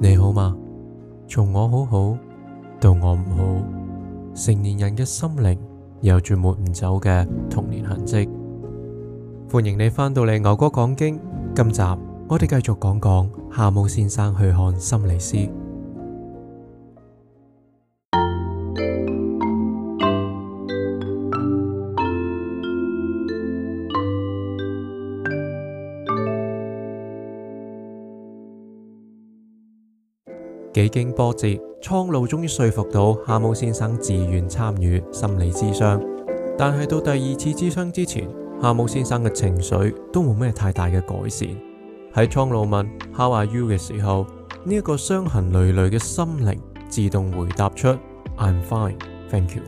你好嗎？從我好好到我唔好，成年人嘅心靈有住抹唔走嘅童年痕跡。歡迎你翻到嚟牛哥講經，今集我哋繼續講講蛤蟆先生去看心理師。幾經波折，蒼鷺終於說服到蛤蟆先生自願參與心理諮商。但係到第二次諮商之前，蛤蟆先生嘅情緒都冇咩太大嘅改善。喺蒼鷺問 How are you? 嘅時候，呢一個傷痕累累嘅心靈自動回答出：I'm fine, thank you。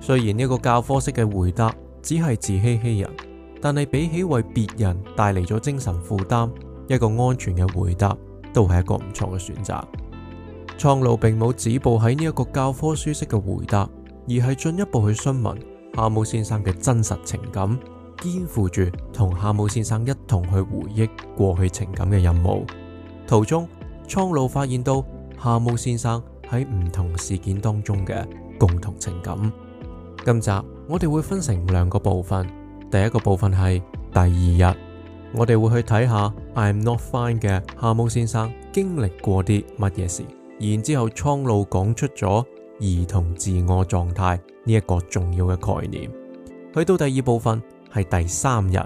雖然呢個教科式嘅回答只係自欺欺人，但係比起為別人帶嚟咗精神負擔，一個安全嘅回答都係一個唔錯嘅選擇。蒼鷺並冇止步喺呢一個教科書式嘅回答，而係進一步去詢問蛤蟆先生嘅真實情感，肩負住同蛤蟆先生一同去回憶過去情感嘅任務。途中，蒼鷺發現到蛤蟆先生喺唔同事件當中嘅共同情感。今集我哋會分成兩個部分，第一個部分係第二日，我哋會去睇下 I'm Not Fine 嘅蛤蟆先生經歷過啲乜嘢事。然之後，蒼鷺講出咗兒童自我狀態呢一個重要嘅概念。去到第二部分，係第三日，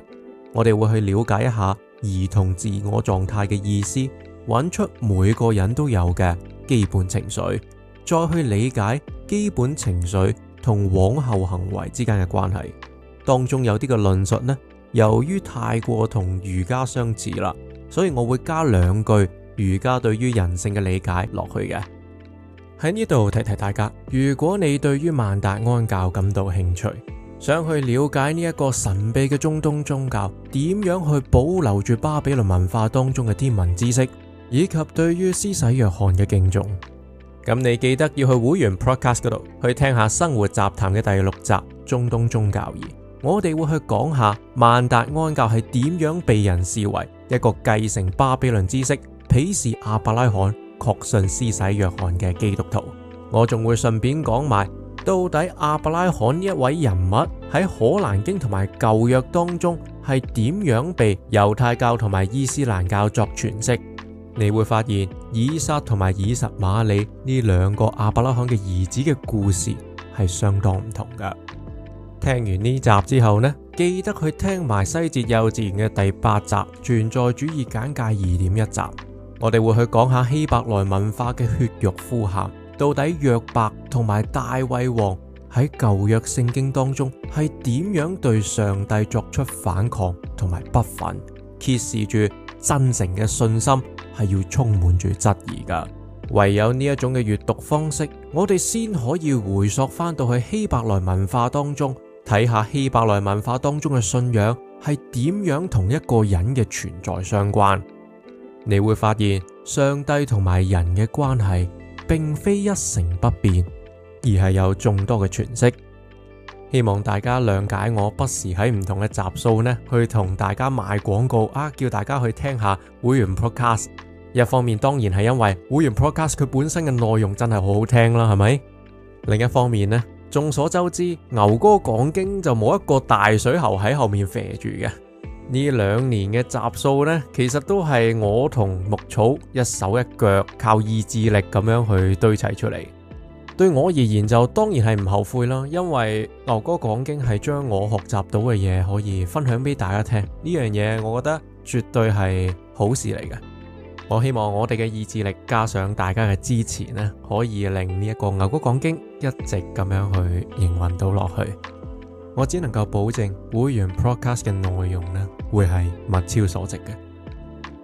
我哋會去了解一下兒童自我狀態嘅意思，揾出每個人都有嘅基本情緒，再去理解基本情緒同往後行為之間嘅關係。當中有啲嘅論述呢，由於太過同儒家相似啦，所以我會加兩句。儒家對於人性嘅理解落去嘅。喺呢度提提大家，如果你對於曼達安教感到興趣，想去了解呢一個神秘嘅中東宗教，點樣去保留住巴比倫文化當中嘅天文知識，以及對於施洗約翰嘅敬重，咁你記得要去會員 Podcast 嗰度去聽下《生活雜談》嘅第六集《中東宗教二》，我哋會去講下曼達安教係點樣被人視為一個繼承巴比倫知識。鄙視阿伯拉罕確信施洗約翰嘅基督徒。我仲會順便講埋到底阿伯拉罕呢一位人物喺《可蘭經》同埋舊約當中係點樣被猶太教同埋伊斯蘭教作詮釋。你會發現以撒同埋以實瑪利呢兩個阿伯拉罕嘅兒子嘅故事係相當唔同嘅。聽完呢集之後呢，記得去聽埋西哲幼稚園嘅第八集《存在主義簡介》二點一集。我哋會去講下希伯來文化嘅血肉呼喊，到底約伯同埋大衛王喺舊約聖經當中係點樣對上帝作出反抗同埋不忿，揭示住真誠嘅信心係要充滿住質疑㗎。唯有呢一種嘅閱讀方式，我哋先可以回溯翻到去希伯來文化當中，睇下希伯來文化當中嘅信仰係點樣同一個人嘅存在相關。你會發現上帝同埋人嘅關係，並非一成不變，而係有眾多嘅詮釋。希望大家諒解我，我不時喺唔同嘅集數咧，去同大家賣廣告啊，叫大家去聽下會員 podcast。一方面當然係因為會員 podcast 佢本身嘅內容真係好好聽啦，係咪？另一方面咧，眾所周知，牛哥講經就冇一個大水喉喺後面啡住嘅。呢兩年嘅集數呢，其實都係我同牧草一手一腳，靠意志力咁樣去堆砌出嚟。對我而言就當然係唔後悔啦，因為牛哥講經係將我學習到嘅嘢可以分享俾大家聽，呢樣嘢我覺得絕對係好事嚟嘅。我希望我哋嘅意志力加上大家嘅支持呢，可以令呢一個牛哥講經一直咁樣去營運到落去。我只能夠保證會員 podcast 嘅內容呢，會係物超所值嘅。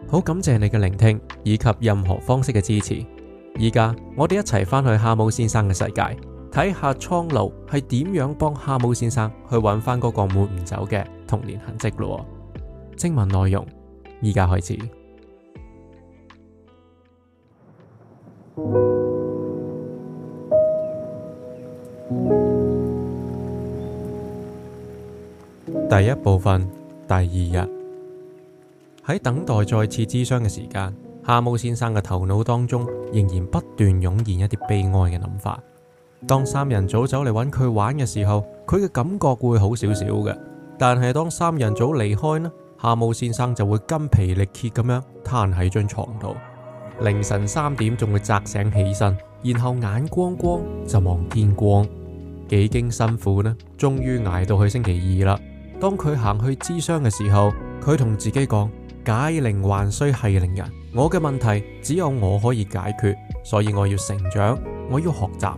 好感謝你嘅聆聽以及任何方式嘅支持。依家我哋一齊翻去蛤蟆先生嘅世界，睇下蒼鷺係點樣幫蛤蟆先生去揾翻嗰個抹唔走嘅童年痕跡咯。正文內容依家開始。 第一部分，第二日。喺等待再次諮商嘅時間，蛤蟆先生嘅頭腦當中仍然不斷湧現一啲悲哀嘅諗法。當三人組走嚟揾佢玩嘅時候，佢嘅感覺會好少少嘅。但係當三人組離開呢，蛤蟆先生就會筋疲力竭咁樣攤喺張床度。凌晨三點仲會扎醒起身，然後眼光光就望天光。幾經辛苦呢，終於挨到去星期二啦。當佢行去諮商嘅時候，佢同自己講：解鈴還需繫鈴人，我嘅問題只有我可以解決，所以我要成長，我要學習。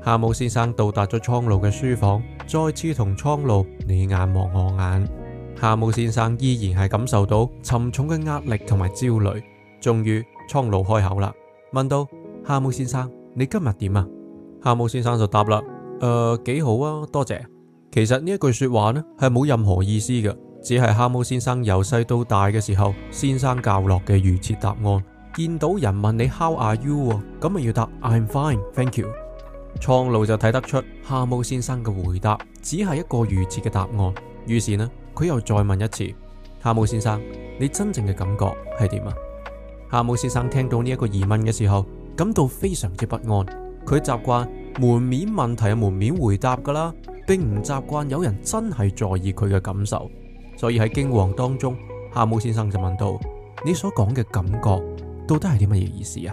蛤蟆先生到達咗蒼鷺嘅書房，再次同蒼鷺你眼望我眼。蛤蟆先生依然係感受到沉重嘅壓力同埋焦慮。終於，蒼鷺開口啦，問到：蛤蟆先生，你今日點啊？蛤蟆先生就答啦：誒、呃，幾好啊，多謝。其實呢一句說話呢係冇任何意思嘅，只係蛤蟆先生由細到大嘅時候，先生教落嘅預設答案。見到人問你 “How are you？” 咁咪、嗯、要答 “I’m fine, thank you”。蒼鷺就睇得出蛤蟆先生嘅回答只係一個預設嘅答案。於是呢，佢又再問一次蛤蟆先生：你真正嘅感覺係點啊？蛤蟆先生聽到呢一個疑問嘅時候，感到非常之不安。佢習慣門面問題嘅門面回答㗎啦。並唔習慣有人真係在意佢嘅感受，所以喺驚惶當中，蛤蟆先生就問到：你所講嘅感覺到底係啲乜嘢意思啊？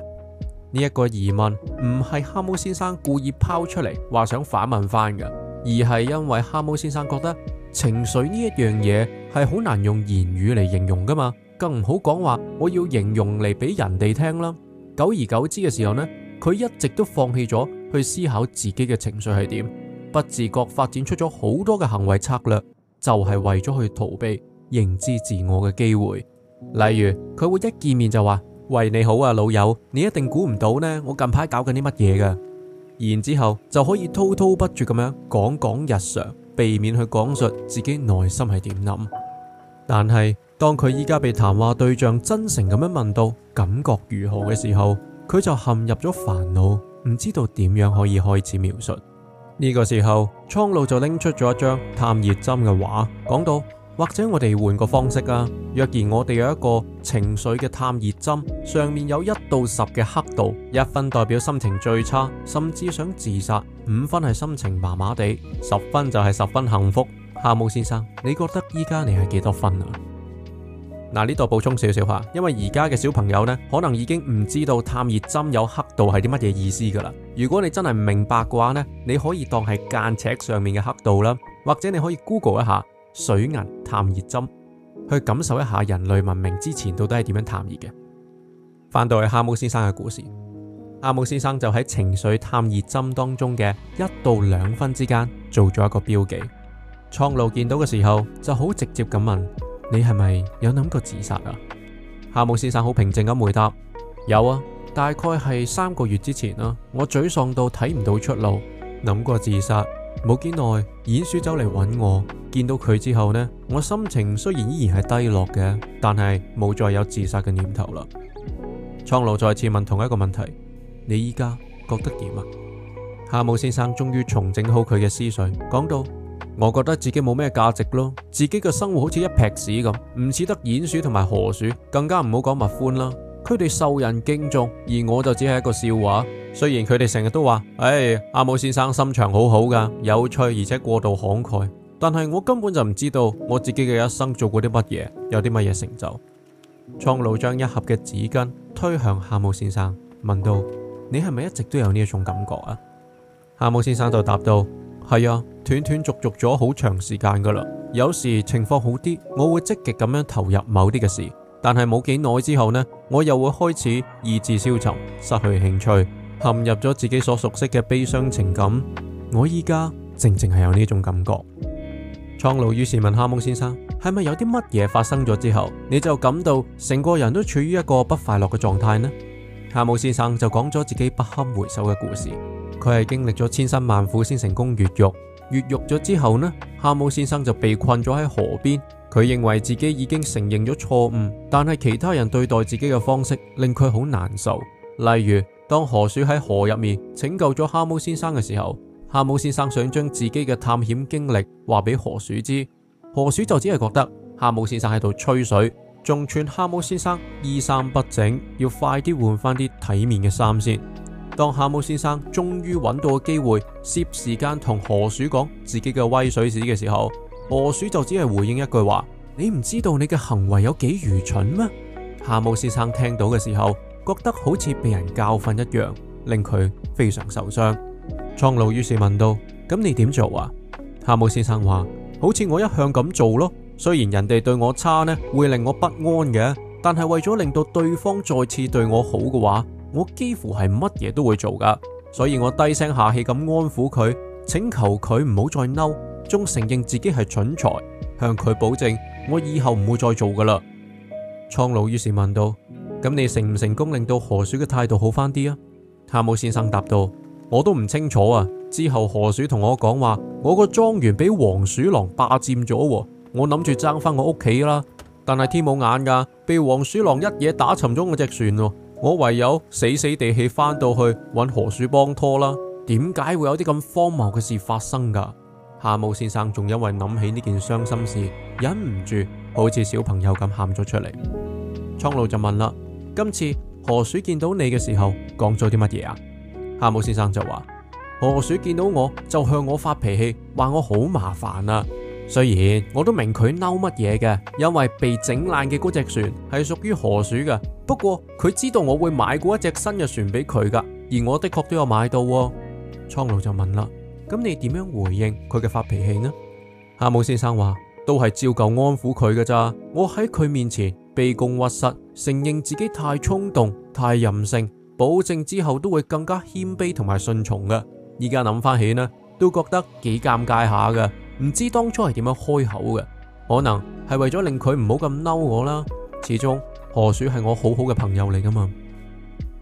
呢一個疑問唔係蛤蟆先生故意拋出嚟，話想反問翻嘅，而係因為蛤蟆先生覺得情緒呢一樣嘢係好難用言語嚟形容噶嘛，更唔好講話我要形容嚟俾人哋聽啦。久而久之嘅時候呢，佢一直都放棄咗去思考自己嘅情緒係點。不自覺發展出咗好多嘅行為策略，就係為咗去逃避認知自我嘅機會。例如，佢會一見面就話：喂，你好啊，老友，你一定估唔到呢，我近排搞緊啲乜嘢㗎。然之後就可以滔滔不絕咁樣講講日常，避免去講述自己內心係點諗。但係當佢依家被談話對象真誠咁樣問到感覺如何嘅時候，佢就陷入咗煩惱，唔知道點樣可以開始描述。呢個時候，蒼鷺就拎出咗一張探熱針嘅畫，講到，或者我哋換個方式啊。若然我哋有一個情緒嘅探熱針，上面有一到十嘅刻度，一分代表心情最差，甚至想自殺；五分係心情麻麻地，十分就係十分幸福。蛤蟆先生，你覺得依家你係幾多分啊？嗱，呢度補充少少吓，因為而家嘅小朋友呢，可能已經唔知道探熱針有刻度係啲乜嘢意思噶啦。如果你真係唔明白嘅話呢，你可以當係間尺上面嘅刻度啦，或者你可以 Google 一下水銀探熱針，去感受一下人類文明之前到底係點樣探熱嘅。翻到去蛤蟆先生嘅故事，蛤蟆先生就喺情緒探熱針當中嘅一到兩分之間做咗一個標記。蒼鷺見到嘅時候就好直接咁問。你係咪有諗過自殺啊？蛤蟆先生好平靜咁回答，有啊，大概係三個月之前啦，啊，我沮喪到睇唔到出路，諗過自殺。冇幾耐，鼴鼠走嚟揾我，見到佢之後呢，我心情雖然依然係低落嘅，但係冇再有自殺嘅念頭啦。蒼鷺再次問同一個問題，你依家覺得點啊？蛤蟆先生終於重整好佢嘅思緒，講到。我覺得自己冇咩價值咯，自己嘅生活好似一劈屎咁，唔似得鼴鼠同埋河鼠，更加唔好講蜜蜂啦。佢哋受人敬重，而我就只係一個笑話。雖然佢哋成日都話，唉、哎，蛤蟆先生心腸好好噶，有趣而且過度慷慨，但係我根本就唔知道我自己嘅一生做過啲乜嘢，有啲乜嘢成就。蒼鷺將一盒嘅紙巾推向蛤蟆先生，問到：你係咪一直都有呢一種感覺啊？蛤蟆先生就答到。係啊，斷斷續續咗好長時間噶啦。有時情況好啲，我會積極咁樣投入某啲嘅事，但係冇幾耐之後呢，我又會開始意志消沉，失去興趣，陷入咗自己所熟悉嘅悲傷情感。我依家正正係有呢種感覺。蒼鷺於是問蛤蟆先生：係咪有啲乜嘢發生咗之後，你就感到成個人都處於一個不快樂嘅狀態呢？蛤蟆先生就講咗自己不堪回首嘅故事，佢係經歷咗千辛萬苦先成功越獄。越獄咗之後呢，蛤蟆先生就被困咗喺河邊。佢認為自己已經承認咗錯誤，但係其他人對待自己嘅方式令佢好難受。例如，當河鼠喺河入面拯救咗蛤蟆先生嘅時候，蛤蟆先生想將自己嘅探險經歷話俾河鼠知，河鼠就只係覺得蛤蟆先生喺度吹水。仲勸蛤蟆先生衣衫不整，要快啲換返啲體面嘅衫先。當蛤蟆先生終於揾到個機會，攝時間同河鼠講自己嘅威水史嘅時候，河鼠就只係回應一句話：你唔知道你嘅行為有幾愚蠢咩？蛤蟆先生聽到嘅時候，覺得好似被人教訓一樣，令佢非常受傷。蒼鷺於是問到：「咁你點做啊？蛤蟆先生話：好似我一向咁做咯。雖然人哋對我差呢，會令我不安嘅，但係為咗令到對方再次對我好嘅話，我幾乎係乜嘢都會做噶。所以我低聲下氣咁安撫佢，請求佢唔好再嬲，仲承認自己係蠢材，向佢保證我以後唔會再做噶啦。蒼鷺於是問道：「咁你成唔成功令到河鼠嘅態度好翻啲啊？」蛤蟆先生答道：我都唔清楚啊。之後河鼠同我講話：我個莊園俾黃鼠狼霸占咗啊。我諗住爭翻我屋企啦，但係天冇眼噶，被黃鼠狼一嘢打沉咗我隻船咯。我唯有死死地氣翻到去搵河鼠幫拖啦。點解會有啲咁荒謬嘅事發生噶？蛤蟆先生仲因為諗起呢件傷心事，忍唔住好似小朋友咁喊咗出嚟。蒼鷺就問啦：今次河鼠見到你嘅時候，講咗啲乜嘢啊？蛤蟆先生就話：河鼠見到我就向我發脾氣，話我好麻煩啊！雖然我都明佢嬲乜嘢嘅，因為被整爛嘅嗰隻船係屬於河鼠嘅。不過佢知道我會買過一隻新嘅船俾佢噶，而我的確都有買到喎。蒼鷺就問啦：咁你點樣回應佢嘅發脾氣呢？蛤蟆先生話：都係照舊安撫佢噶咋。我喺佢面前卑躬屈膝，承認自己太衝動、太任性，保證之後都會更加謙卑同埋順從嘅。依家諗翻起呢，都覺得幾尷尬下噶。唔知當初係點樣開口嘅，可能係為咗令佢唔好咁嬲我啦。始終河鼠係我好好嘅朋友嚟噶嘛。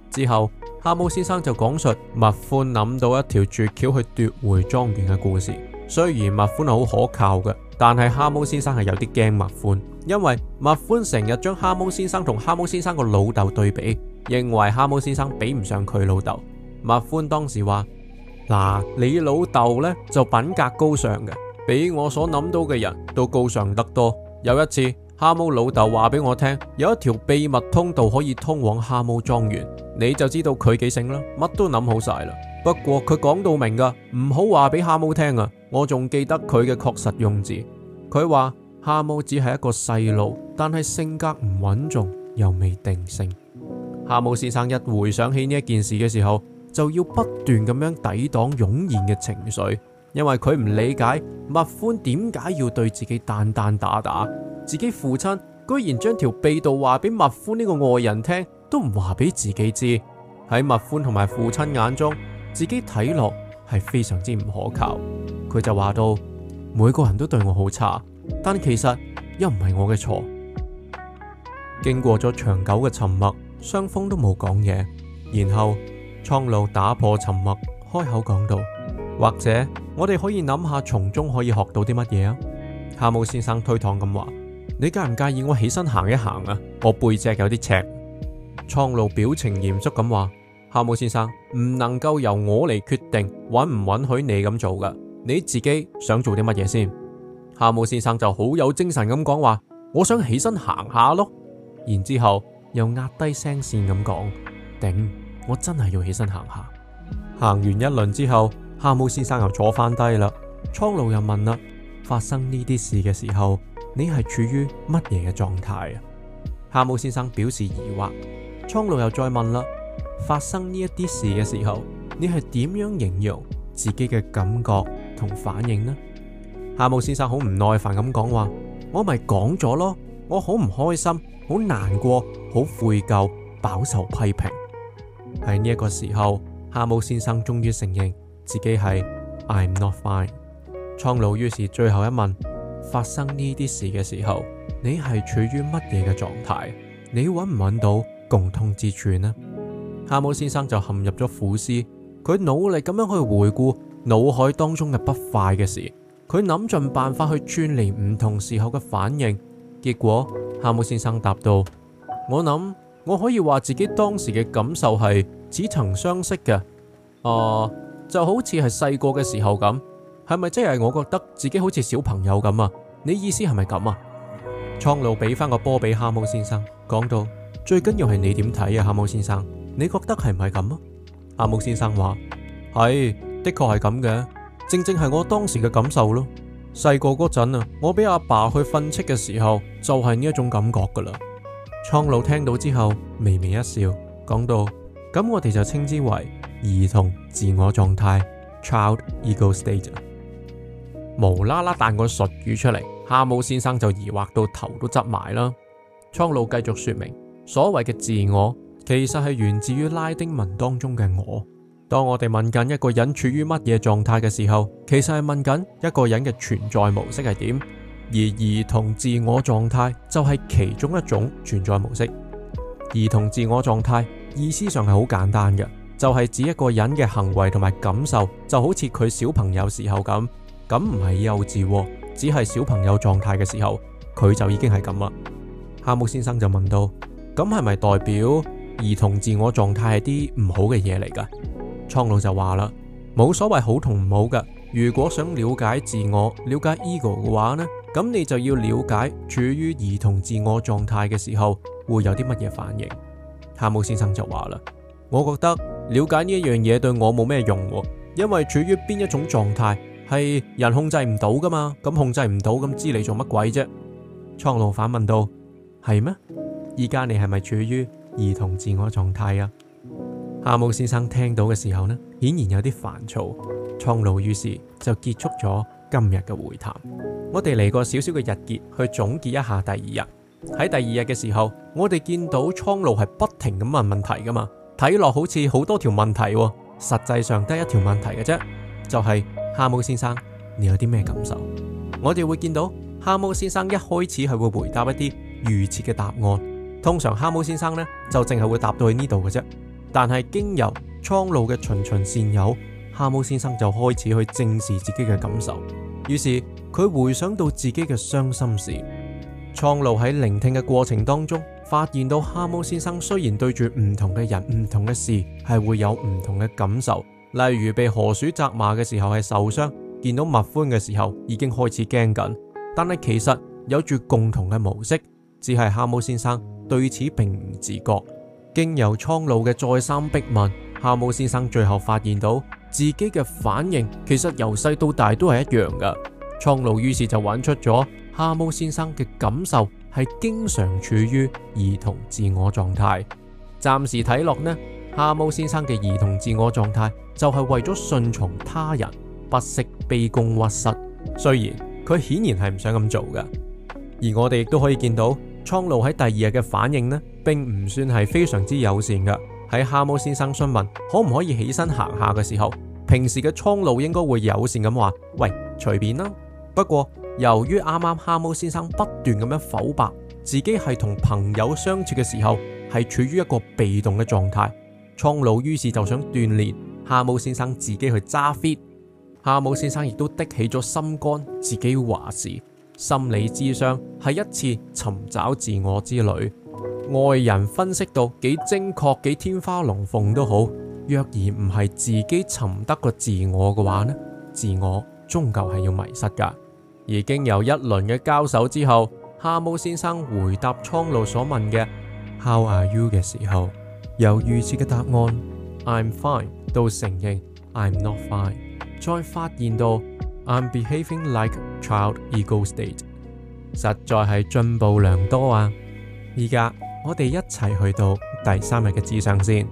之後蛤蟆先生就講述麥寬諗到一條絕橋去奪回莊園嘅故事。雖然麥寬係好可靠嘅，但係蛤蟆先生係有啲驚麥寬，因為麥寬成日將蛤蟆先生同蛤蟆先生個老豆對比，認為蛤蟆先生比唔上佢老豆。麥寬當時話：嗱、啊，你老豆呢，就品格高尚嘅。比我所諗到嘅人都高尚得多。有一次，蛤蟆老豆話俾我聽，有一條秘密通道可以通往蛤蟆莊園。你就知道佢幾醒啦，乜都諗好晒啦。不過佢講到明噶，唔好話俾蛤蟆聽啊。我仲記得佢嘅確實用字。佢話蛤蟆只係一個細路，但係性格唔穩重又未定性。蛤蟆先生一回想起呢一件事嘅時候，就要不斷咁樣抵擋湧現嘅情緒。因為佢唔理解麥歡點解要對自己單單打打，自己父親居然將條秘道話俾麥歡呢個外人聽，都唔話俾自己知。喺麥歡同埋父親眼中，自己睇落係非常之唔可靠。佢就話到：每個人都對我好差，但其實又唔係我嘅錯。經過咗長久嘅沉默，雙方都冇講嘢，然後蒼鷺打破沉默，開口講道：或者我哋可以諗下，從中可以學到啲乜嘢啊？蛤蟆先生推搪咁話：你介唔介意我起身行一行啊？我背脊有啲赤。」蒼鷺表情嚴肅咁話：蛤蟆先生唔能夠由我嚟決定允唔允許你咁做噶，你自己想做啲乜嘢先？蛤蟆先生就好有精神咁講話：我想起身行下咯。然之後又壓低聲線咁講：頂，我真係要起身行下。行完一輪之後。蛤蟆先生又坐翻低啦，蒼鷺又問啦：發生呢啲事嘅時候，你係處於乜嘢嘅狀態啊？蛤蟆先生表示疑惑，蒼鷺又再問啦：發生呢一啲事嘅時候，你係點樣形容自己嘅感覺同反應呢？蛤蟆先生好唔耐煩咁講話：我咪講咗咯，我好唔開心，好難過，好悔疚，飽受批評。喺呢一個時候，蛤蟆先生終於承認，自己係 I'm not fine。蒼鷺於是最後一問：發生呢啲事嘅時候，你係處於乜嘢嘅狀態？你揾唔揾到共通之處呢？蛤蟆先生就陷入咗苦思，佢努力咁樣去回顧腦海當中嘅不快嘅事，佢諗盡辦法去串聯唔同時候嘅反應。結果，蛤蟆先生答道：我諗我可以話自己當時嘅感受係似曾相識嘅。啊、呃！就好似係細個嘅時候咁，係咪真係我覺得自己好似小朋友咁啊？你意思係咪咁啊？蒼鷺俾翻個波俾蛤蟆先生，講到最緊要係你點睇啊？蛤蟆先生，你覺得係唔係咁啊？蛤蟆先生話：係、哎、的確係咁嘅，正正係我當時嘅感受咯。細個嗰陣啊，我俾阿爸,爸去訓斥嘅時候，就係、是、呢一種感覺噶啦。蒼鷺聽到之後，微微一笑，講到：咁我哋就稱之為。兒童自我狀態 （child ego State），無啦啦彈個術語出嚟，蛤蟆先生就疑惑到頭都執埋啦。蒼鷺繼續說明，所謂嘅自我其實係源自於拉丁文當中嘅我。當我哋問緊一個人處於乜嘢狀態嘅時候，其實係問緊一個人嘅存在模式係點，而兒童自我狀態就係其中一種存在模式。兒童自我狀態意思上係好簡單嘅。就係指一個人嘅行為同埋感受，就好似佢小朋友時候咁，咁唔係幼稚、啊，只係小朋友狀態嘅時候，佢就已經係咁啦。蛤蟆先生就問到：咁係咪代表兒童自我狀態係啲唔好嘅嘢嚟噶？蒼鷺就話啦，冇所謂好同唔好噶。如果想了解自我、了解 ego 嘅話呢，咁你就要了解處於兒童自我狀態嘅時候會有啲乜嘢反應。蛤蟆先生就話啦，我覺得。了解呢一樣嘢對我冇咩用喎，因為處於邊一種狀態係人控制唔到噶嘛，咁控制唔到，咁知你做乜鬼啫？蒼鷺反問道：係咩？依家你係咪處於兒童自我狀態啊？蛤蟆先生聽到嘅時候呢，顯然有啲煩躁。蒼鷺於是就結束咗今日嘅會談。我哋嚟個少少嘅日結，去總結一下第二日。喺第二日嘅時候，我哋見到蒼鷺係不停咁問問題噶嘛。睇落好似好多條問題，實際上得一條問題嘅啫，就係蛤蟆先生，你有啲咩感受？我哋會見到蛤蟆先生一開始係會回答一啲預設嘅答案，通常蛤蟆先生呢，就淨係會答到去呢度嘅啫。但係經由蒼鷺嘅循循善誘，蛤蟆先生就開始去正視自己嘅感受。於是佢回想到自己嘅傷心事，蒼鷺喺聆聽嘅過程當中，發現到蛤蟆先生雖然對住唔同嘅人、唔同嘅事係會有唔同嘅感受，例如被河鼠責罵嘅時候係受傷，見到蜜獾嘅時候已經開始驚緊，但係其實有住共同嘅模式，只係蛤蟆先生對此並唔自覺。經由蒼鷺嘅再三逼問，蛤蟆先生最後發現到自己嘅反應其實由細到大都係一樣嘅。蒼鷺於是就揾出咗蛤蟆先生嘅感受。係經常處於兒童自我狀態，暫時睇落呢，蛤蟆先生嘅兒童自我狀態就係為咗順從他人，不惜卑躬屈膝。雖然佢顯然係唔想咁做噶，而我哋亦都可以見到蒼鷺喺第二日嘅反應呢，並唔算係非常之友善噶。喺蛤蟆先生詢問可唔可以起身行下嘅時候，平時嘅蒼鷺應該會友善咁話：喂，隨便啦。不過，由於啱啱蛤蟆先生不斷咁樣否白自己係同朋友相處嘅時候係處於一個被動嘅狀態，蒼鷺於是就想鍛煉蛤蟆先生自己去揸 fit。蛤蟆先生亦都的起咗心肝，自己話事。心理諮商係一次尋找自我之旅。外人分析到幾精確幾天花龍鳳都好，若然唔係自己尋得個自我嘅話呢？自我終究係要迷失噶。已經有一輪嘅交手之後，蛤蟆先生回答蒼鷺所問嘅 “How are you” 的時候，由預設嘅答案 “I’m fine” 到承認 “I’m not fine”，再發現到 “I’m behaving like child ego state”，實在係進步良多啊！依家我哋一齊去到第三日嘅諮商先。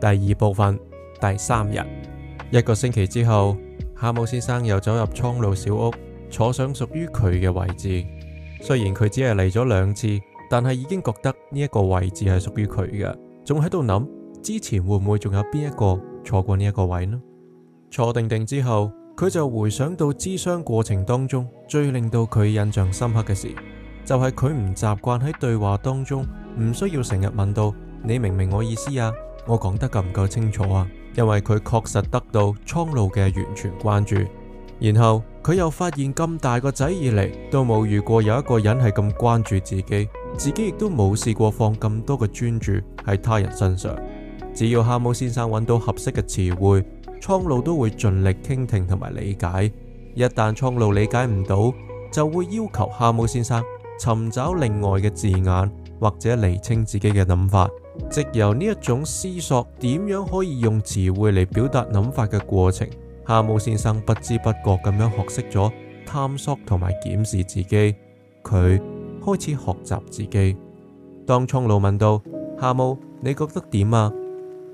第二部分，第三日，一個星期之後，蛤蟆先生又走入蒼鷺小屋。坐上屬於佢嘅位置，雖然佢只係嚟咗兩次，但係已經覺得呢一個位置係屬於佢嘅。仲喺度諗之前會唔會仲有邊一個坐過呢一個位呢？坐定定之後，佢就回想到諮商過程當中最令到佢印象深刻嘅事，就係佢唔習慣喺對話當中唔需要成日問到你明唔明我意思啊？我講得夠唔夠清楚啊？因為佢確實得到蒼鷺嘅完全關注。然後佢又發現咁大個仔以嚟，都冇遇過有一個人係咁關注自己，自己亦都冇試過放咁多嘅專注喺他人身上。只要蛤蟆先生揾到合適嘅詞彙，蒼鷺都會盡力傾聽同埋理解。一旦蒼鷺理解唔到，就會要求蛤蟆先生尋找另外嘅字眼或者釐清自己嘅諗法，藉由呢一種思索點樣可以用詞彙嚟表達諗法嘅過程。蛤蟆先生不知不覺咁樣學識咗探索同埋檢視自己，佢開始學習自己。當蒼鷺問道「蛤蟆，你覺得點啊？」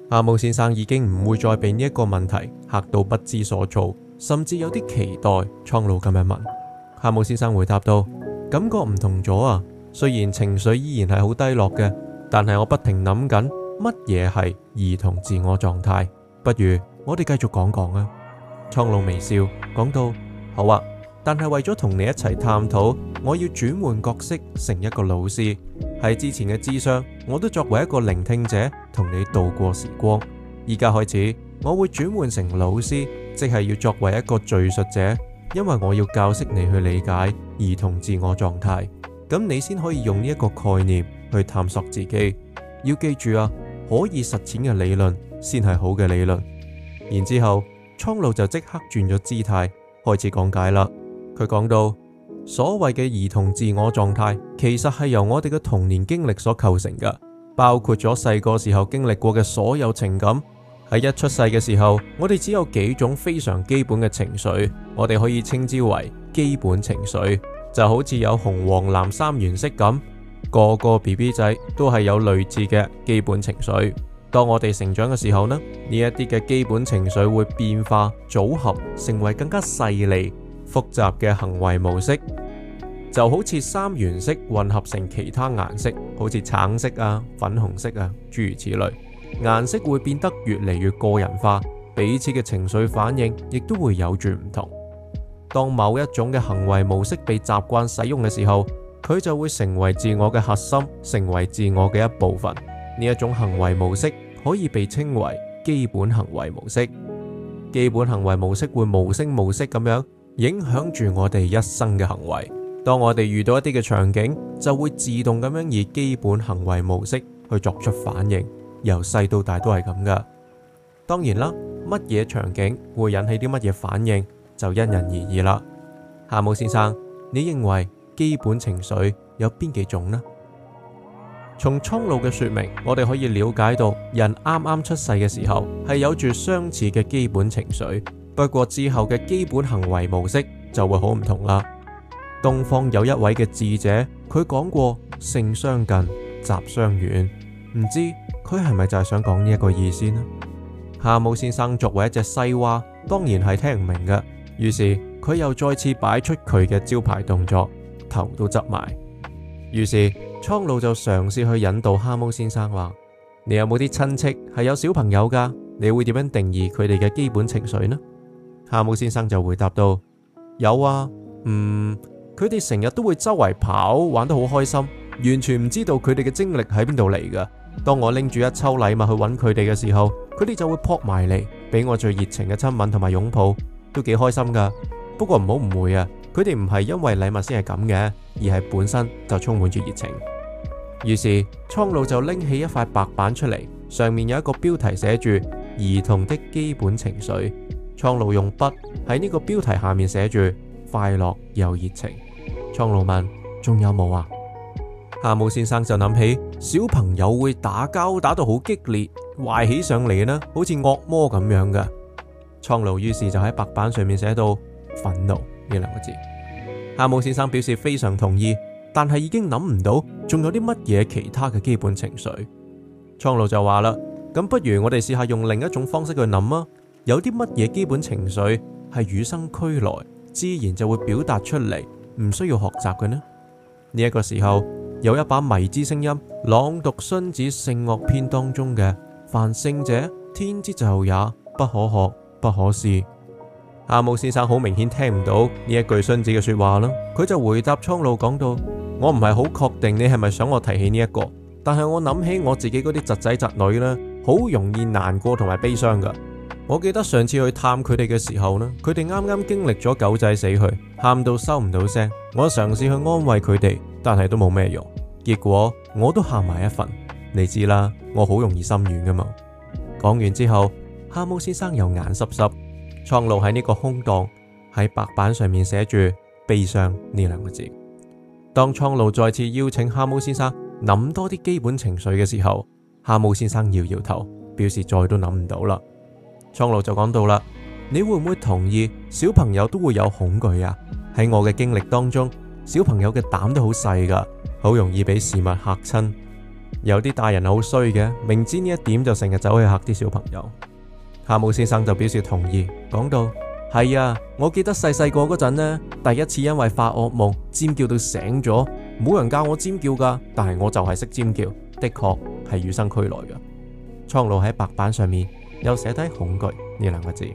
蛤蟆先生已經唔會再被呢一個問題嚇到不知所措，甚至有啲期待蒼鷺咁樣問。蛤蟆先生回答道：「感覺唔同咗啊，雖然情緒依然係好低落嘅，但係我不停諗緊乜嘢係兒童自我狀態。不如我哋繼續講講啊。」蒼鷺微笑，講到好啊，但係為咗同你一齊探討，我要轉換角色成一個老師。喺之前嘅諮商，我都作為一個聆聽者同你度過時光。而家開始，我會轉換成老師，即係要作為一個敘述者，因為我要教識你去理解兒童自我狀態，咁你先可以用呢一個概念去探索自己。要記住啊，可以實踐嘅理論先係好嘅理論。然之後。蒼鷺就即刻轉咗姿態，開始講解啦。佢講到所謂嘅兒童自我狀態，其實係由我哋嘅童年經歷所構成嘅，包括咗細個時候經歷過嘅所有情感。喺一出世嘅時候，我哋只有幾種非常基本嘅情緒，我哋可以稱之為基本情緒，就好似有紅黃藍三原色咁，個個 BB 仔都係有類似嘅基本情緒。當我哋成長嘅時候呢，呢一啲嘅基本情緒會變化組合，成為更加細膩複雜嘅行為模式，就好似三原色混合成其他顏色，好似橙色啊、粉紅色啊，諸如此類。顏色會變得越嚟越個人化，彼此嘅情緒反應亦都會有住唔同。當某一種嘅行為模式被習慣使用嘅時候，佢就會成為自我嘅核心，成為自我嘅一部分。呢一種行為模式，可以被稱為基本行為模式。基本行為模式會無聲無息咁樣影響住我哋一生嘅行為。當我哋遇到一啲嘅場景，就會自動咁樣以基本行為模式去作出反應。由細到大都係咁噶。當然啦，乜嘢場景會引起啲乜嘢反應，就因人而異啦。蛤蟆先生，你認為基本情緒有邊幾種呢？從蒼鷺嘅說明，我哋可以了解到，人啱啱出世嘅時候係有住相似嘅基本情緒，不過之後嘅基本行為模式就會好唔同啦。東方有一位嘅智者，佢講過性相近，習相遠，唔知佢係咪就係想講呢一個意思呢？蛤蟆先生作為一隻西蛙，當然係聽唔明嘅，於是佢又再次擺出佢嘅招牌動作，頭都執埋，於是。蒼鷺就嘗試去引導蛤蟆先生話：「你有冇啲親戚係有小朋友噶？你會點樣定義佢哋嘅基本情緒呢？蛤蟆先生就回答道：「有啊，嗯，佢哋成日都會周圍跑，玩得好開心，完全唔知道佢哋嘅精力喺邊度嚟噶。當我拎住一抽禮物去揾佢哋嘅時候，佢哋就會撲埋嚟，俾我最熱情嘅親吻同埋擁抱，都幾開心噶。不過唔好誤會啊，佢哋唔係因為禮物先係咁嘅，而係本身就充滿住熱情。」於是，蒼鷺就拎起一塊白板出嚟，上面有一個標題寫住《兒童的基本情緒》。蒼鷺用筆喺呢個標題下面寫住快樂又熱情。蒼鷺問：仲有冇啊？蛤蟆先生就諗起小朋友會打交打到好激烈，壞起上嚟呢，好似惡魔咁樣㗎。蒼鷺於是就喺白板上面寫到憤怒呢兩個字。蛤蟆先生表示非常同意。但係已經諗唔到，仲有啲乜嘢其他嘅基本情緒？蒼鷺就話啦，咁不如我哋試下用另一種方式去諗啊！有啲乜嘢基本情緒係與生俱來，自然就會表達出嚟，唔需要學習嘅呢？呢一個時候，有一把謎之聲音朗讀《荀子性惡篇》當中嘅“凡性者，天之就也，不可學，不可事”。蛤蟆先生好明顯聽唔到呢一句荀子嘅說話啦，佢就回答蒼鷺講到。我唔係好確定你係咪想我提起呢一個，但係我諗起我自己嗰啲侄仔侄女呢，好容易難過同埋悲傷噶。我記得上次去探佢哋嘅時候呢，佢哋啱啱經歷咗狗仔死去，喊到收唔到聲。我嘗試去安慰佢哋，但係都冇咩用。結果我都喊埋一份，你知啦，我好容易心軟噶嘛。講完之後，蛤蟆先生又眼濕濕，蒼鷺喺呢個空檔喺白板上面寫住悲傷呢兩個字。當蒼鷺再次邀請蛤蟆先生諗多啲基本情緒嘅時候，蛤蟆先生搖搖頭，表示再都諗唔到啦。蒼鷺就講到啦，你會唔會同意小朋友都會有恐懼啊？喺我嘅經歷當中，小朋友嘅膽都好細噶，好容易俾事物嚇親。有啲大人好衰嘅，明知呢一點就成日走去嚇啲小朋友。蛤蟆先生就表示同意，講到。係啊，我記得細細個嗰陣呢，第一次因為發惡夢尖叫到醒咗，冇人教我尖叫㗎，但係我就係識尖叫，的確係與生俱來㗎。蒼鷺喺白板上面又寫低恐懼呢兩個字。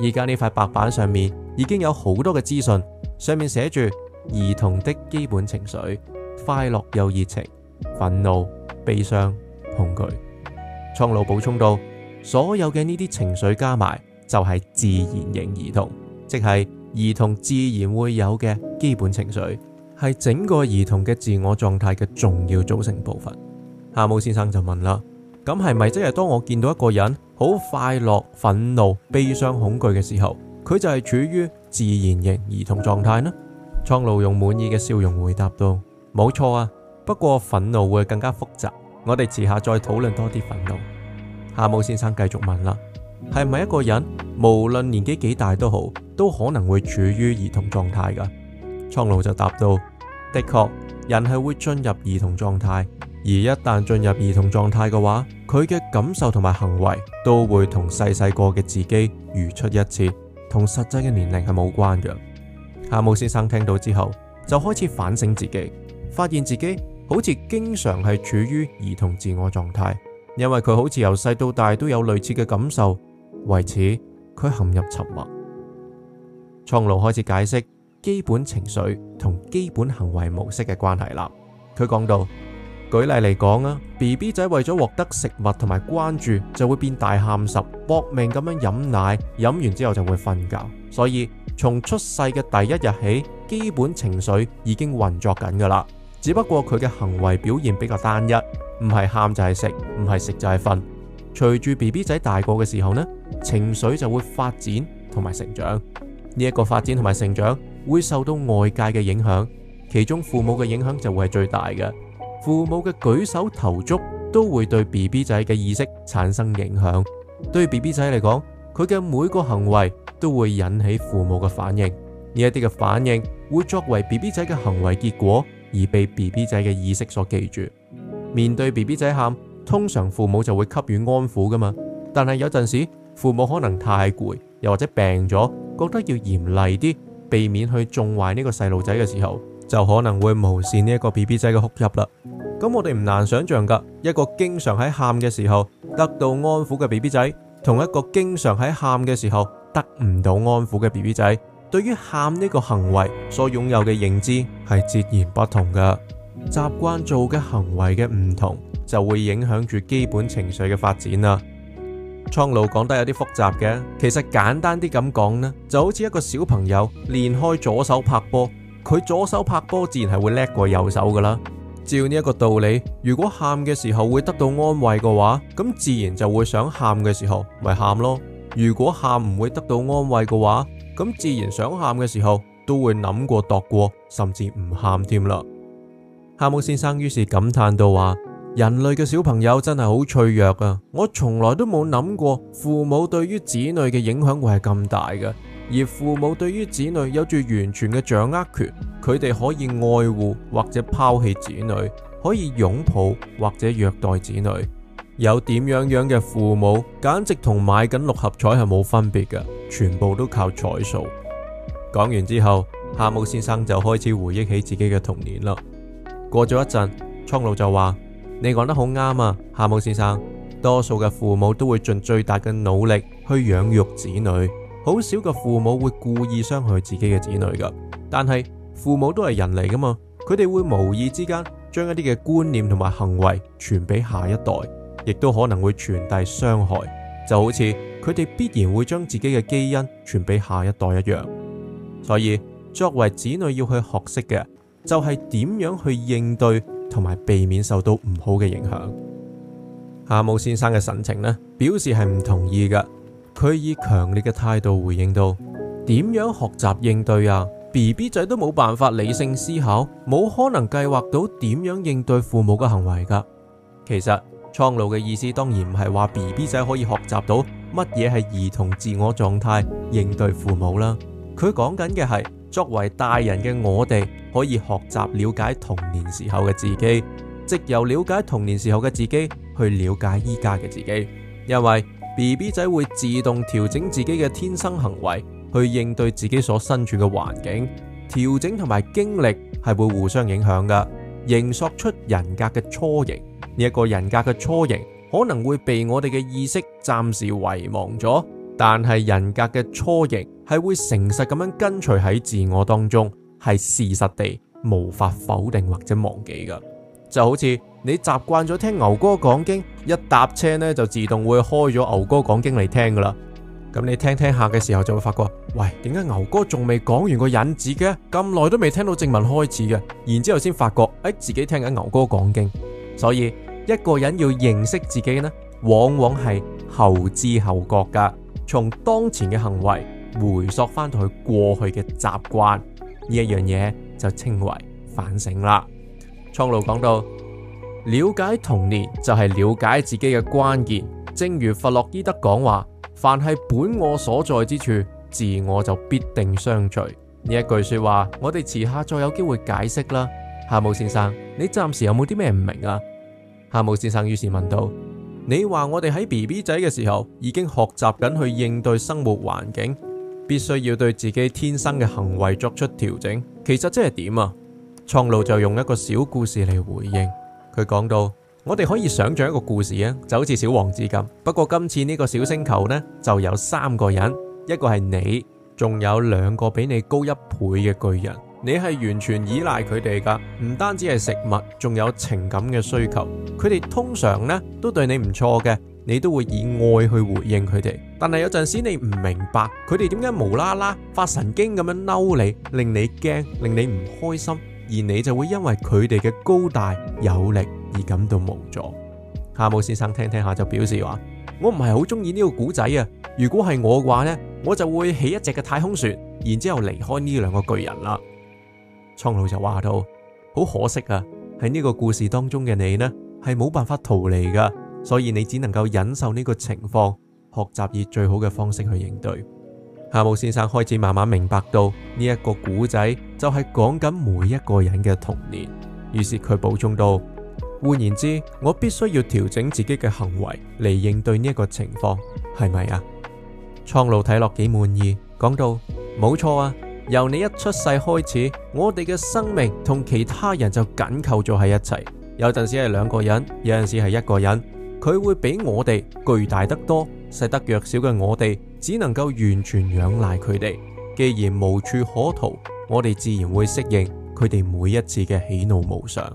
而家呢塊白板上面已經有好多嘅資訊，上面寫住兒童的基本情緒，快樂又熱情，憤怒、悲傷、恐懼。蒼鷺補充到，所有嘅呢啲情緒加埋。就係自然型兒童，即係兒童自然會有嘅基本情緒，係整個兒童嘅自我狀態嘅重要組成部分。蛤蟆先生就問啦，咁係咪即係當我見到一個人好快樂、憤怒、悲傷、恐懼嘅時候，佢就係處於自然型兒童狀態呢？蒼鷺用滿意嘅笑容回答道，冇錯啊，不過憤怒會更加複雜，我哋遲下再討論多啲憤怒。蛤蟆先生繼續問啦。係咪一個人無論年紀幾大都好，都可能會處於兒童狀態噶？蒼鷺就答道：的確，人係會進入兒童狀態，而一旦進入兒童狀態嘅話，佢嘅感受同埋行為都會同細細個嘅自己如出一轍，同實際嘅年齡係冇關嘅。蛤蟆先生聽到之後就開始反省自己，發現自己好似經常係處於兒童自我狀態，因為佢好似由細到大都有類似嘅感受。為此，佢陷入沉默。蒼鷺開始解釋基本情緒同基本行為模式嘅關係啦。佢講到，舉例嚟講啊，BB 仔為咗獲得食物同埋關注，就會變大喊十，搏命咁樣飲奶，飲完之後就會瞓覺。所以從出世嘅第一日起，基本情緒已經運作緊噶啦。只不過佢嘅行為表現比較單一，唔係喊就係食，唔係食就係瞓。隨住 B B 仔大個嘅時候呢，情緒就會發展同埋成長。呢一個發展同埋成長會受到外界嘅影響，其中父母嘅影響就會係最大嘅。父母嘅舉手投足都會對 B B 仔嘅意識產生影響。對 B B 仔嚟講，佢嘅每個行為都會引起父母嘅反應。呢一啲嘅反應會作為 B B 仔嘅行為結果而被 B B 仔嘅意識所記住。面對 B B 仔喊。通常父母就會給予安撫噶嘛，但係有陣時父母可能太攰，又或者病咗，覺得要嚴厲啲，避免去縱壞呢個細路仔嘅時候，就可能會無視呢一個 B B 仔嘅哭泣啦。咁、嗯、我哋唔難想象噶，一個經常喺喊嘅時候得到安撫嘅 B B 仔，同一個經常喺喊嘅時候得唔到安撫嘅 B B 仔，對於喊呢個行為所擁有嘅認知係截然不同噶，習慣做嘅行為嘅唔同。就會影響住基本情緒嘅發展啦。蒼鷺講得有啲複雜嘅，其實簡單啲咁講呢，就好似一個小朋友練開左手拍波，佢左手拍波自然係會叻過右手噶啦。照呢一個道理，如果喊嘅時候會得到安慰嘅話，咁自然就會想喊嘅時候咪喊咯。如果喊唔會得到安慰嘅話，咁自然想喊嘅時候都會諗過度過，甚至唔喊添啦。蛤蟆先生於是感嘆到話。人類嘅小朋友真係好脆弱啊！我從來都冇諗過，父母對於子女嘅影響會係咁大嘅。而父母對於子女有住完全嘅掌握權，佢哋可以愛護或者拋棄子女，可以擁抱或者虐待子女。有點樣樣嘅父母，簡直同買緊六合彩係冇分別嘅，全部都靠彩數。講完之後，蛤蟆先生就開始回憶起自己嘅童年啦。過咗一陣，蒼鷺就話。你講得好啱啊，蛤蟆先生。多數嘅父母都會盡最大嘅努力去養育子女，好少嘅父母會故意傷害自己嘅子女噶。但係父母都係人嚟噶嘛，佢哋會無意之間將一啲嘅觀念同埋行為傳俾下一代，亦都可能會傳遞傷害。就好似佢哋必然會將自己嘅基因傳俾下一代一樣。所以作為子女要去學識嘅，就係點樣去應對，同埋避免受到唔好嘅影響，蛤蟆先生嘅神情呢，表示係唔同意噶。佢以強烈嘅態度回應道：「點樣學習應對啊？B B 仔都冇辦法理性思考，冇可能計劃到點樣應對父母嘅行為噶。其實蒼鷺嘅意思當然唔係話 B B 仔可以學習到乜嘢係兒童自我狀態應對父母啦。佢講緊嘅係。作為大人嘅我哋可以學習了解童年時候嘅自己，即由了解童年時候嘅自己去了解依家嘅自己，因為 B B 仔會自動調整自己嘅天生行為去應對自己所身處嘅環境，調整同埋經歷係會互相影響嘅，形塑出人格嘅雛形。呢一個人格嘅雛形可能會被我哋嘅意識暫時遺忘咗，但係人格嘅雛形。係會誠實咁樣跟隨喺自我當中，係事實地無法否定或者忘記噶。就好似你習慣咗聽牛哥講經，一搭車呢就自動會開咗牛哥講經嚟聽噶啦。咁你聽聽下嘅時候就會發覺，喂，點解牛哥仲未講完個引子嘅？咁耐都未聽到正文開始嘅，然之後先發覺喺、哎、自己聽緊牛哥講經。所以一個人要認識自己呢，往往係後知後覺噶，從當前嘅行為。回溯翻到佢過去嘅習慣，呢一樣嘢就稱為反省啦。蒼鷺講到了解童年就係了解自己嘅關鍵，正如弗洛伊德講話，凡係本我所在之處，自我就必定相隨。呢一句說話，我哋遲下再有機會解釋啦。蛤蟆先生，你暫時有冇啲咩唔明啊？蛤蟆先生於是問道：你話我哋喺 B B 仔嘅時候已經學習緊去應對生活環境？必須要對自己天生嘅行為作出調整，其實即係點啊？蒼鷺就用一個小故事嚟回應。佢講到，我哋可以想象一個故事啊，就好似小王子咁。不過今次呢個小星球呢，就有三個人，一個係你，仲有兩個比你高一倍嘅巨人。你係完全依賴佢哋㗎，唔單止係食物，仲有情感嘅需求。佢哋通常呢，都對你唔錯嘅。你都會以愛去回應佢哋，但係有陣時你唔明白佢哋點解無啦啦發神經咁樣嬲你，令你驚，令你唔開心，而你就會因為佢哋嘅高大有力而感到無助。蛤蟆先生聽聽下就表示話，我唔係好中意呢個古仔啊！如果係我嘅話呢，我就會起一隻嘅太空船，然之後離開呢兩個巨人啦。蒼鷺就話到，好可惜啊！喺呢個故事當中嘅你呢，係冇辦法逃離㗎。所以你只能夠忍受呢個情況，學習以最好嘅方式去應對。蛤蟆先生開始慢慢明白到呢一個古仔就係講緊每一個人嘅童年。於是佢補充道：換言之，我必須要調整自己嘅行為嚟應對呢一個情況，係咪啊？蒼鷺睇落幾滿意，講到冇錯啊。由你一出世開始，我哋嘅生命同其他人就緊扣咗喺一齊。有陣時係兩個人，有陣時係一個人。佢會比我哋巨大得多，細得弱小嘅我哋只能夠完全仰賴佢哋。既然無處可逃，我哋自然會適應佢哋每一次嘅喜怒無常。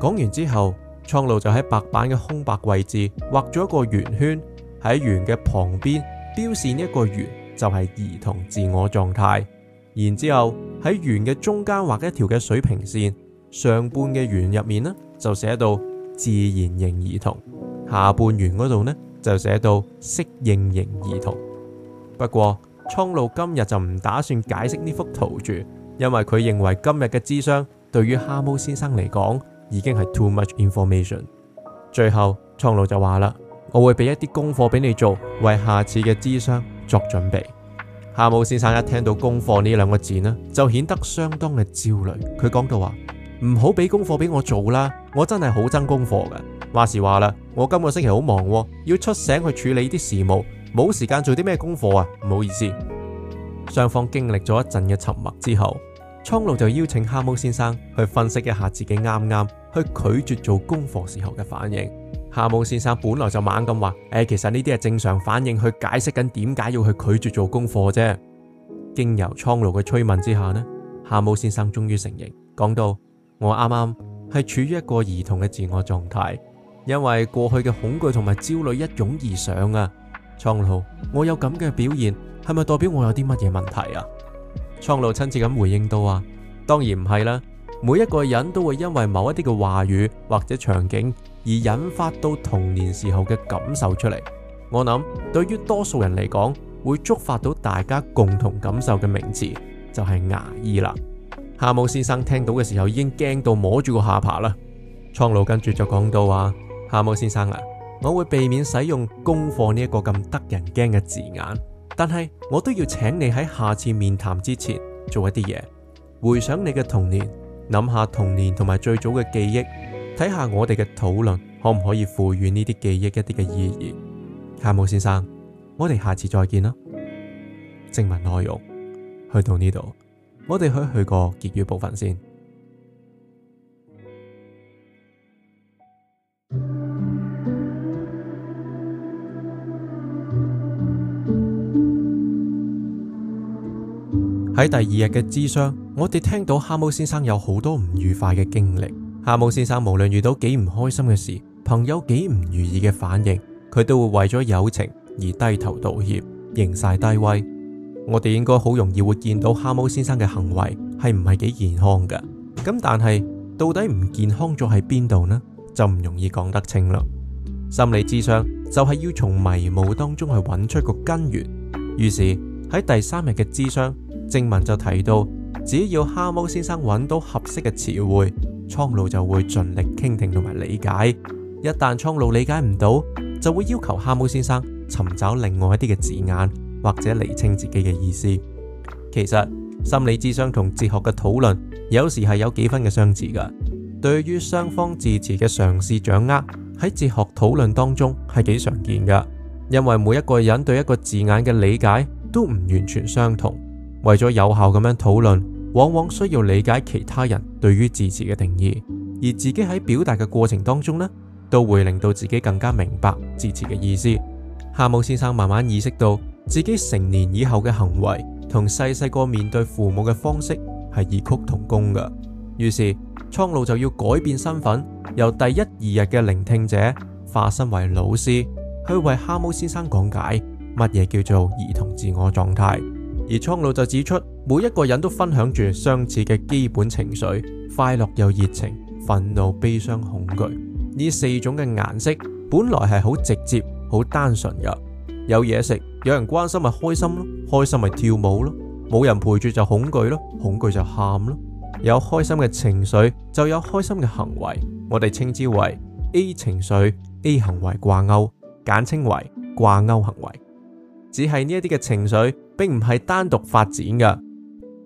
講完之後，蒼鷺就喺白板嘅空白位置畫咗一個圓圈，喺圓嘅旁邊標線一個圓，就係、是、兒童自我狀態。然之後喺圓嘅中間畫一條嘅水平線，上半嘅圓入面呢就寫到自然型兒童。下半圓嗰度呢，就寫到適應型兒童。不過蒼鷺今日就唔打算解釋呢幅圖住，因為佢認為今日嘅諮商對於蛤蟆先生嚟講已經係 too much information。最後蒼鷺就話啦：我會俾一啲功課俾你做，為下次嘅諮商作準備。蛤蟆先生一聽到功課呢兩個字呢，就顯得相當嘅焦慮。佢講到話：唔好俾功課俾我做啦，我真係好憎功課㗎。話時話啦，我今個星期好忙，哦，要出醒去處理啲事務，冇時間做啲咩功課啊，唔好意思。雙方經歷咗一陣嘅沉默之後，蒼鷺就邀請蛤蟆先生去分析一下自己啱啱去拒絕做功課時候嘅反應。蛤蟆先生本來就猛咁話：誒、欸，其實呢啲係正常反應，去解釋緊點解要去拒絕做功課啫。經由蒼鷺嘅催問之下呢，蛤蟆先生終於承認，講到我啱啱係處於一個兒童嘅自我狀態。因為過去嘅恐懼同埋焦慮一湧而上啊！蒼鷺，我有咁嘅表現，係咪代表我有啲乜嘢問題啊？蒼鷺親切咁回應到啊，當然唔係啦，每一個人都會因為某一啲嘅話語或者場景而引發到童年時候嘅感受出嚟。我諗對於多數人嚟講，會觸發到大家共同感受嘅名字，就係、是、牙醫啦。蛤蟆先生聽到嘅時候已經驚到摸住個下巴啦。蒼鷺跟住就講到啊。蛤蟆先生啊，我會避免使用功課呢一個咁得人驚嘅字眼，但係我都要請你喺下次面談之前做一啲嘢，回想你嘅童年，諗下童年同埋最早嘅記憶，睇下我哋嘅討論可唔可以賦予呢啲記憶一啲嘅意義。蛤蟆先生，我哋下次再見啦。正文內容去到呢度，我哋去去個結語部分先。喺第二日嘅諮商，我哋聽到蛤蟆先生有好多唔愉快嘅經歷。蛤蟆先生無論遇到幾唔開心嘅事，朋友幾唔如意嘅反應，佢都會為咗友情而低頭道歉，認晒低威。我哋應該好容易會見到蛤蟆先生嘅行為係唔係幾健康噶？咁但係到底唔健康咗喺邊度呢？就唔容易講得清啦。心理諮商就係要從迷霧當中去揾出個根源。於是，喺第三日嘅諮商。正文就提到，只要蛤蟆先生揾到合適嘅詞彙，蒼鷺就會盡力傾聽同埋理解。一旦蒼鷺理解唔到，就會要求蛤蟆先生尋找另外一啲嘅字眼，或者厘清自己嘅意思。其實，心理諮商同哲學嘅討論有時係有幾分嘅相似噶。對於雙方字詞嘅嘗試掌握喺哲學討論當中係幾常見噶，因為每一個人對一個字眼嘅理解都唔完全相同。為咗有效咁樣討論，往往需要理解其他人對於字詞嘅定義，而自己喺表達嘅過程當中呢，都會令到自己更加明白字詞嘅意思。蛤蟆先生慢慢意識到自己成年以後嘅行為同細細個面對父母嘅方式係異曲同工嘅，於是蒼鷺就要改變身份，由第一二日嘅聆聽者化身為老師，去為蛤蟆先生講解乜嘢叫做兒童自我狀態。而蒼鷺就指出，每一個人都分享住相似嘅基本情緒，快樂又熱情，憤怒悲傷、悲傷、恐懼呢四種嘅顏色，本來係好直接、好單純㗎。有嘢食，有人關心咪開心咯，開心咪跳舞咯，冇人陪住就恐懼咯，恐懼就喊咯。有開心嘅情緒就有開心嘅行為，我哋稱之為 A 情緒 A 行為掛鈎，簡稱為掛鈎行為。只係呢一啲嘅情緒，並唔係單獨發展嘅。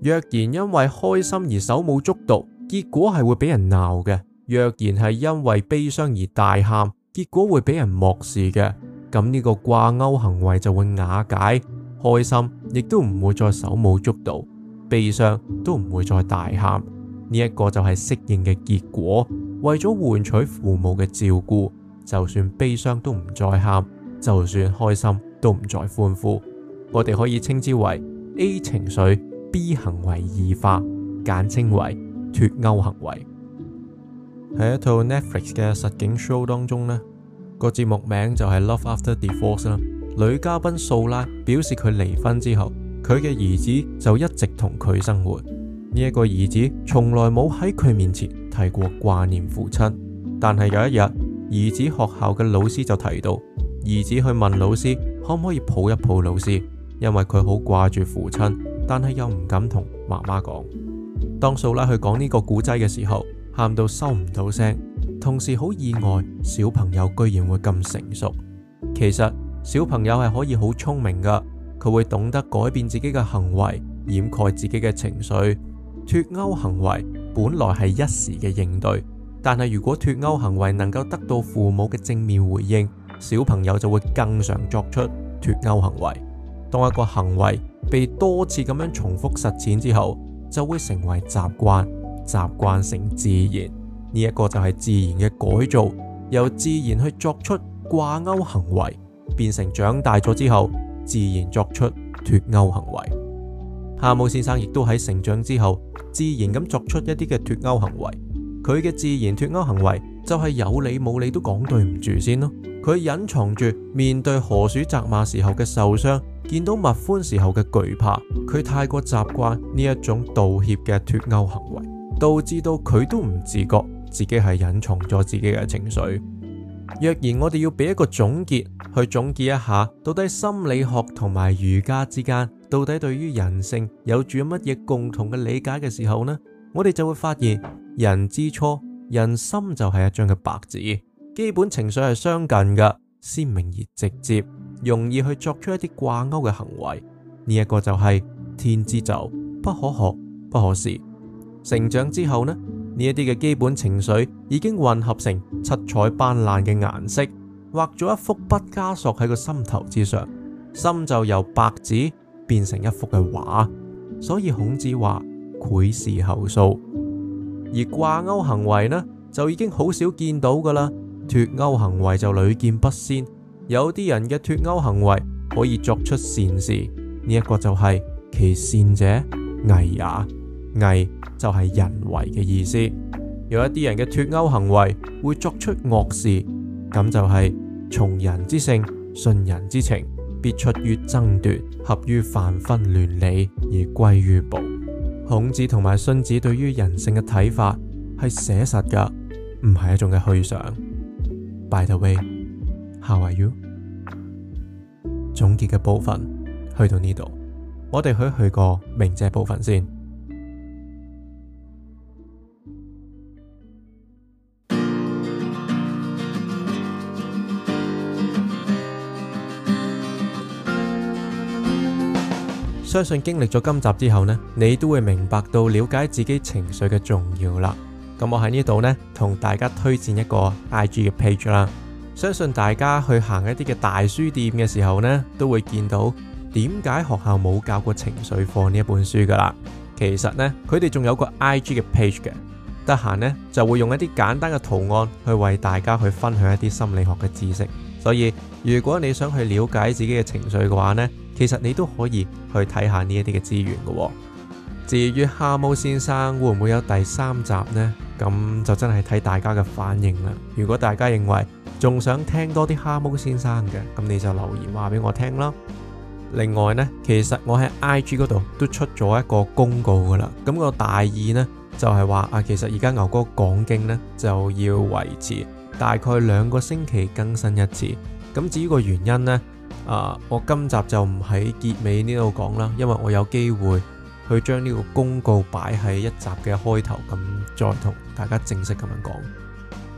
若然因為開心而手舞足蹈，結果係會俾人鬧嘅；若然係因為悲傷而大喊，結果會俾人漠視嘅。咁呢個掛勾行為就會瓦解，開心亦都唔會再手舞足蹈，悲傷都唔會再大喊。呢一個就係適應嘅結果，為咗換取父母嘅照顧，就算悲傷都唔再喊，就算開心都唔再歡呼。我哋可以稱之為 A 情緒、B 行為異化，簡稱為脫歐行為。喺一套 Netflix 嘅實景 show 當中，呢個節目名就係《Love After Divorce》啦。女嘉賓素拉表示佢離婚之後，佢嘅兒子就一直同佢生活。呢一個兒子從來冇喺佢面前提過掛念父親，但係有一日，兒子學校嘅老師就提到，兒子去問老師可唔可以抱一抱老師。因為佢好掛住父親，但係又唔敢同媽媽講。當素拉去講呢個古仔嘅時候，喊到收唔到聲，同時好意外小朋友居然會咁成熟。其實小朋友係可以好聰明㗎，佢會懂得改變自己嘅行為，掩蓋自己嘅情緒。脫歐行為本來係一時嘅應對，但係如果脫歐行為能夠得到父母嘅正面回應，小朋友就會更常作出脫歐行為。當一個行為被多次咁樣重複實踐之後，就會成為習慣，習慣成自然。呢一個就係自然嘅改造，由自然去作出掛鈎行為，變成長大咗之後自然作出脱鈎行為。蛤蟆先生亦都喺成長之後，自然咁作出一啲嘅脱鈎行為。佢嘅自然脱鈎行為。就係有理冇理都講對唔住先咯。佢隱藏住面對河鼠責罵時候嘅受傷，見到麥寬時候嘅懼怕。佢太過習慣呢一種道歉嘅脫鈎行為，導致到佢都唔自覺自己係隱藏咗自己嘅情緒。若然我哋要俾一個總結去總結一下，到底心理學同埋儒家之間到底對於人性有住乜嘢共同嘅理解嘅時候呢？我哋就會發現人之初。人心就係一張嘅白紙，基本情緒係相近嘅，鮮明而直接，容易去作出一啲掛鈎嘅行為。呢、這、一個就係天之就，不可學，不可事。成長之後呢，呢一啲嘅基本情緒已經混合成七彩斑斕嘅顏色，畫咗一幅畢加索喺個心頭之上，心就由白紙變成一幅嘅畫。所以孔子話：，繪事後素。而掛勾行為呢，就已經好少見到㗎喇。脫勾行為就屢見不鮮。有啲人嘅脫勾行為可以作出善事，呢、這、一個就係其善者偽也，偽就係人為嘅意思。有一啲人嘅脫勾行為會作出惡事，咁、這個、就係從人之性，順人之情，必出於爭奪，合於犯分亂理，而歸於暴。孔子同埋荀子對於人性嘅睇法係寫實噶，唔係一種嘅虛想。By the way，how are you？總結嘅部分去到呢度，我哋去一去個明者部分先。相信經歷咗今集之後呢，你都會明白到了解自己情緒嘅重要啦。咁我喺呢度呢，同大家推薦一個 IG 嘅 page 啦。相信大家去行一啲嘅大書店嘅時候呢，都會見到點解學校冇教過情緒課呢一本書噶啦。其實呢，佢哋仲有個 IG 嘅 page 嘅，得閒呢就會用一啲簡單嘅圖案去為大家去分享一啲心理學嘅知識。所以如果你想去了解自己嘅情緒嘅話呢，其實你都可以去睇下呢一啲嘅資源噶。至於蛤蟆先生會唔會有第三集呢？咁就真係睇大家嘅反應啦。如果大家認為仲想聽多啲蛤蟆先生嘅，咁你就留言話俾我聽啦。另外呢，其實我喺 IG 嗰度都出咗一個公告噶啦。咁個大意呢就係話啊，其實而家牛哥講經呢就要維持大概兩個星期更新一次。咁至於個原因呢？啊！Uh, 我今集就唔喺結尾呢度講啦，因為我有機會去將呢個公告擺喺一集嘅開頭，咁再同大家正式咁樣講。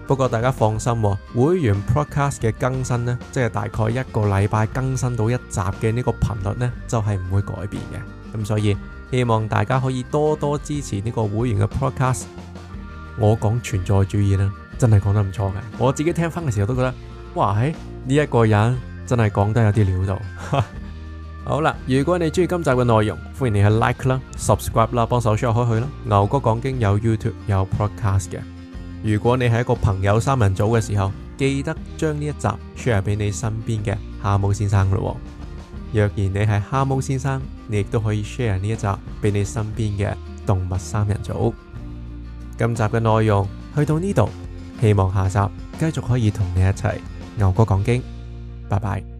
不過大家放心，哦，會員 Podcast 嘅更新呢，即係大概一個禮拜更新到一集嘅呢個頻率呢，就係、是、唔會改變嘅。咁所以希望大家可以多多支持呢個會員嘅 Podcast。我講存在主義咧，真係講得唔錯嘅。我自己聽翻嘅時候都覺得，哇！呢、這、一個人。真係講得有啲料到。 好啦，如果你中意今集嘅內容，歡迎你去 like 啦、subscribe 啦，幫手 share 開去啦。牛哥講經有 YouTube 有 podcast 嘅。如果你係一個朋友三人組嘅時候，記得將呢一集 share 俾你身邊嘅蛤蟆先生咯。若然你係蛤蟆先生，你亦都可以 share 呢一集俾你身邊嘅動物三人組。今集嘅內容去到呢度，希望下集繼續可以同你一齊牛哥講經。拜拜。